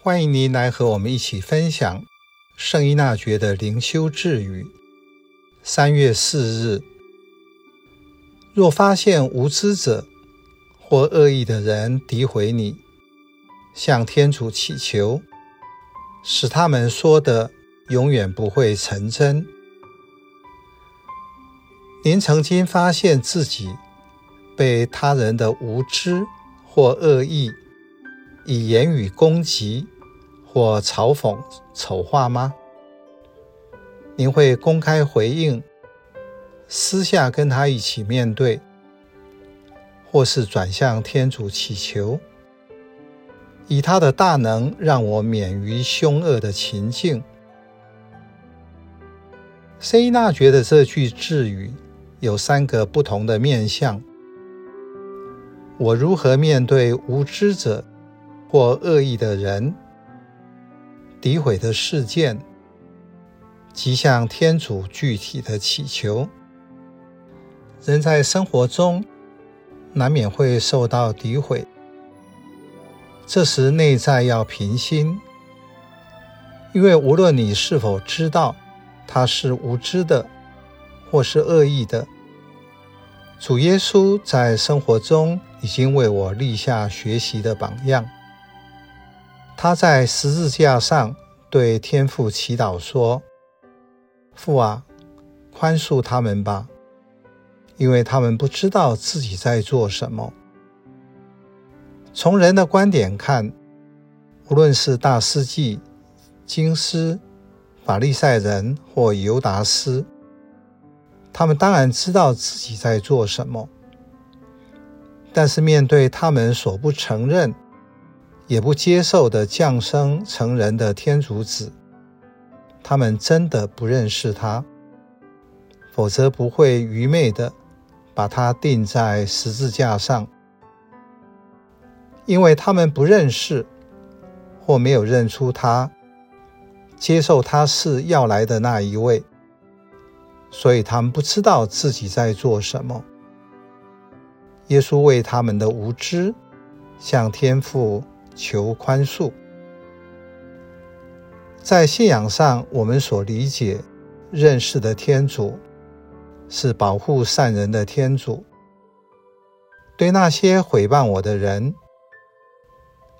歡迎您來和我們一起分享聖依納爵的靈修智語。三月四日，若發現無知者或惡意的人詆毀你，向天主祈求，使他們說的永遠不會成真。您曾經發現自己被他人的無知或惡意。以言語攻擊或嘲諷、醜化嗎？您會公開回應，私下跟他一起面對，或是轉向天主祈求，以他的大能讓我免於兇惡的情境。聖依納爵的這句智語有三個不同的面向：我如何面對無知者或惡意的人、詆毀的事件，及向天主具體的祈求。人在生活中難免會受到詆毀，這時內在要平心，因為無論你是否知道他是無知的或是惡意的，主耶穌在生活中已經為我立下學習的榜樣。他在十字架上對天父祈禱說：“父啊，寬恕他們吧，因為他們不知道自己在做什麼。”從人的觀點看，無論是大司祭、經師、法利塞人或猶達斯，他們當然知道自己在做什麼，但是面對他們所不承認。也不接受的降生成人的天主子，他們真的不認識他，否則不會愚昧的把他釘在十字架上，因為他們不認識或沒有認出他，接受他是要來的那一位，所以他們不知道自己在做什麼。耶穌為他們的無知向天父求寬恕。在信仰上，我們所理解、認識的天主是保護善人的天主。對那些毀謗我的人，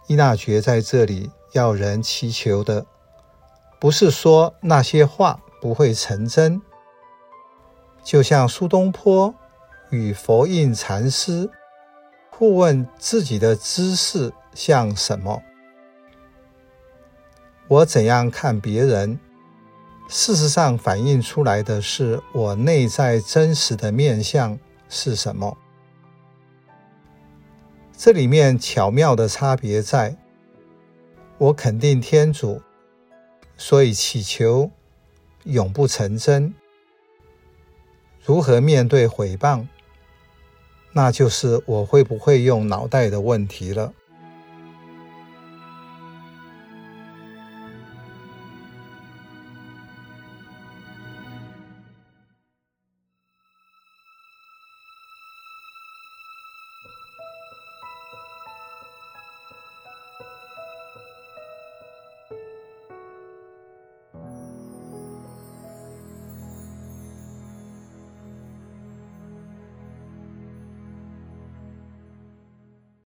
依納爵在這裡要人祈求的，不是說那些話不會成真。就像蘇東坡與佛印禪師互問自己的姿勢。像什麼？我怎樣看別人？事實上反映出來的是我內在真實的面向是什麼？這裡面巧妙的差別在，在我肯定天主，所以祈求永不成真。如何面對毀謗？那就是我會不會用腦袋的問題了。